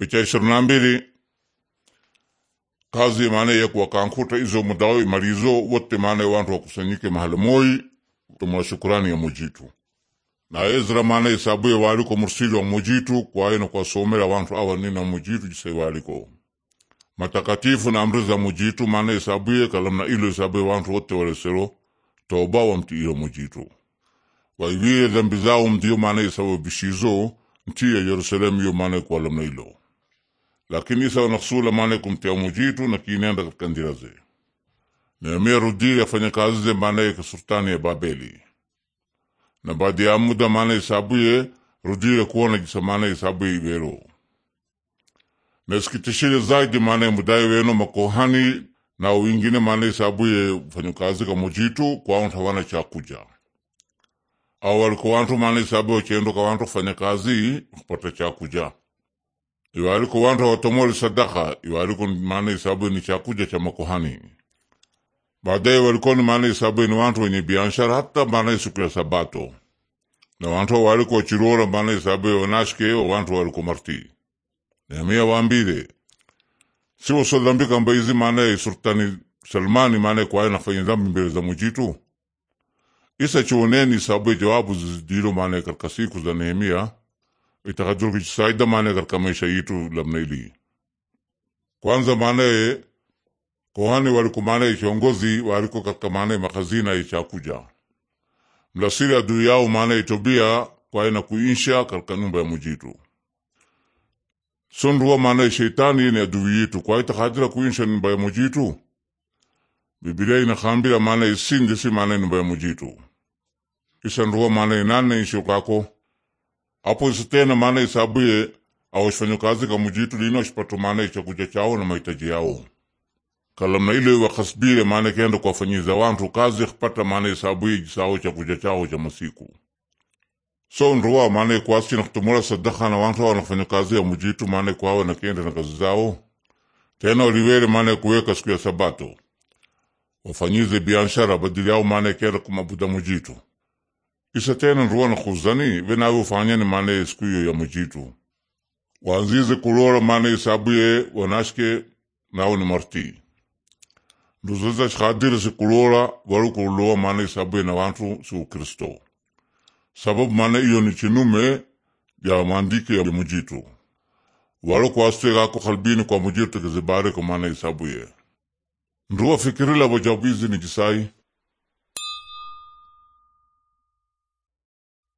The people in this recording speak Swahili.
picha ishirini na mbili kazi maana yakuwakankuta izo mudao imalizo wote maana wantu wakusanyike mahali moi utomula shukurani ya mujitu na Ezra maana isabuye waliko mursili wa mujitu kwa kwaeno kwasomela wantu awanina mujitu jise waliko matakatifu na amri za mujitu maana isabuye kalamna ilo ya wantu wote walesero toba wa wamti iyo mujitu waivile dhambi zao mdio maana isabuye bishizo nti Yerusalemu Yerusalemu mane kwa lamna ilo lakini isa wanakusula mane kumtia mujitu na kinenda katika ndira ze Nehemia rudi afanya kazi ze mane ka sultani ya Babeli na baada ya muda maana isabuye rudi kuona jisa maana isabuye ibero na zaidi maana mudai weno makohani na wengine maana isabuye fanya kazi ka mujitu kwa watu cha kuja au walikuwa watu mane isabuye chendo kwa watu fanya kazi kupata cha kuja iwaliko wantu watomole sadaka iwaliko maana ni chakuja cha makuhani baadaye walikoni maana ni wantu wenye biashara hata maana siku ya sabato na wantu waliko wachirora maana isabu wanashike wantu waliko marti namia waambile siwosodhambika mbaizi maana sultani salmani maana kwaye nafanya dhambi mbele za mujitu isa chioneni isabu jawabu zidilo maana katika siku za nehemia Itahajur kisaida maana katika maisha yetu lamnaili. Kwanza maanaye kohani waliko maanaye kiongozi waliko katika maanaye makazina ichakuja mlasiri adui yao maanaye itobia kwaena kuinsha katika nyumba ya mujitu sonrua maanaye sheitani ni adui yitu kwa itakadira kuinsha nyumba ya mujitu Biblia inakambira maanaye isingisi maanaye nyumba ya mujitu isanrua maanaye nane inshi apo sitena maana isabuye awashfanyakazi kamujitu lino ashipata maana ichakuja chao na mahitaji yao kalamna ile wakasbire maana kenda kuwafanyiza wantu kazi kupata maana isabuye jisao chakuja chao cha masiku so nruwa maana ikwasi na kutumura sadaka na wantu hao wanafanya kazi ya mujitu maana kwawa na kenda na kazi zao tena waliwere maana kuweka siku ya sabato wafanyize biashara badili yao maana kenda kumabuda mujitu isatena na kuzani venawe ufanyane mane siku iyo ya mjitu wanzize kulora mane isabuye wanashke nawe ni marti nduzeza shikadire sikulora warukuloa mane isabuye na wantu si ukristo sababu mane iyo ni chinume ya maandike ya mjitu warukuwastegako kalbini kwa mujitu tegezibareko mane isabuye nduwa fikirila wajabizi ni jisai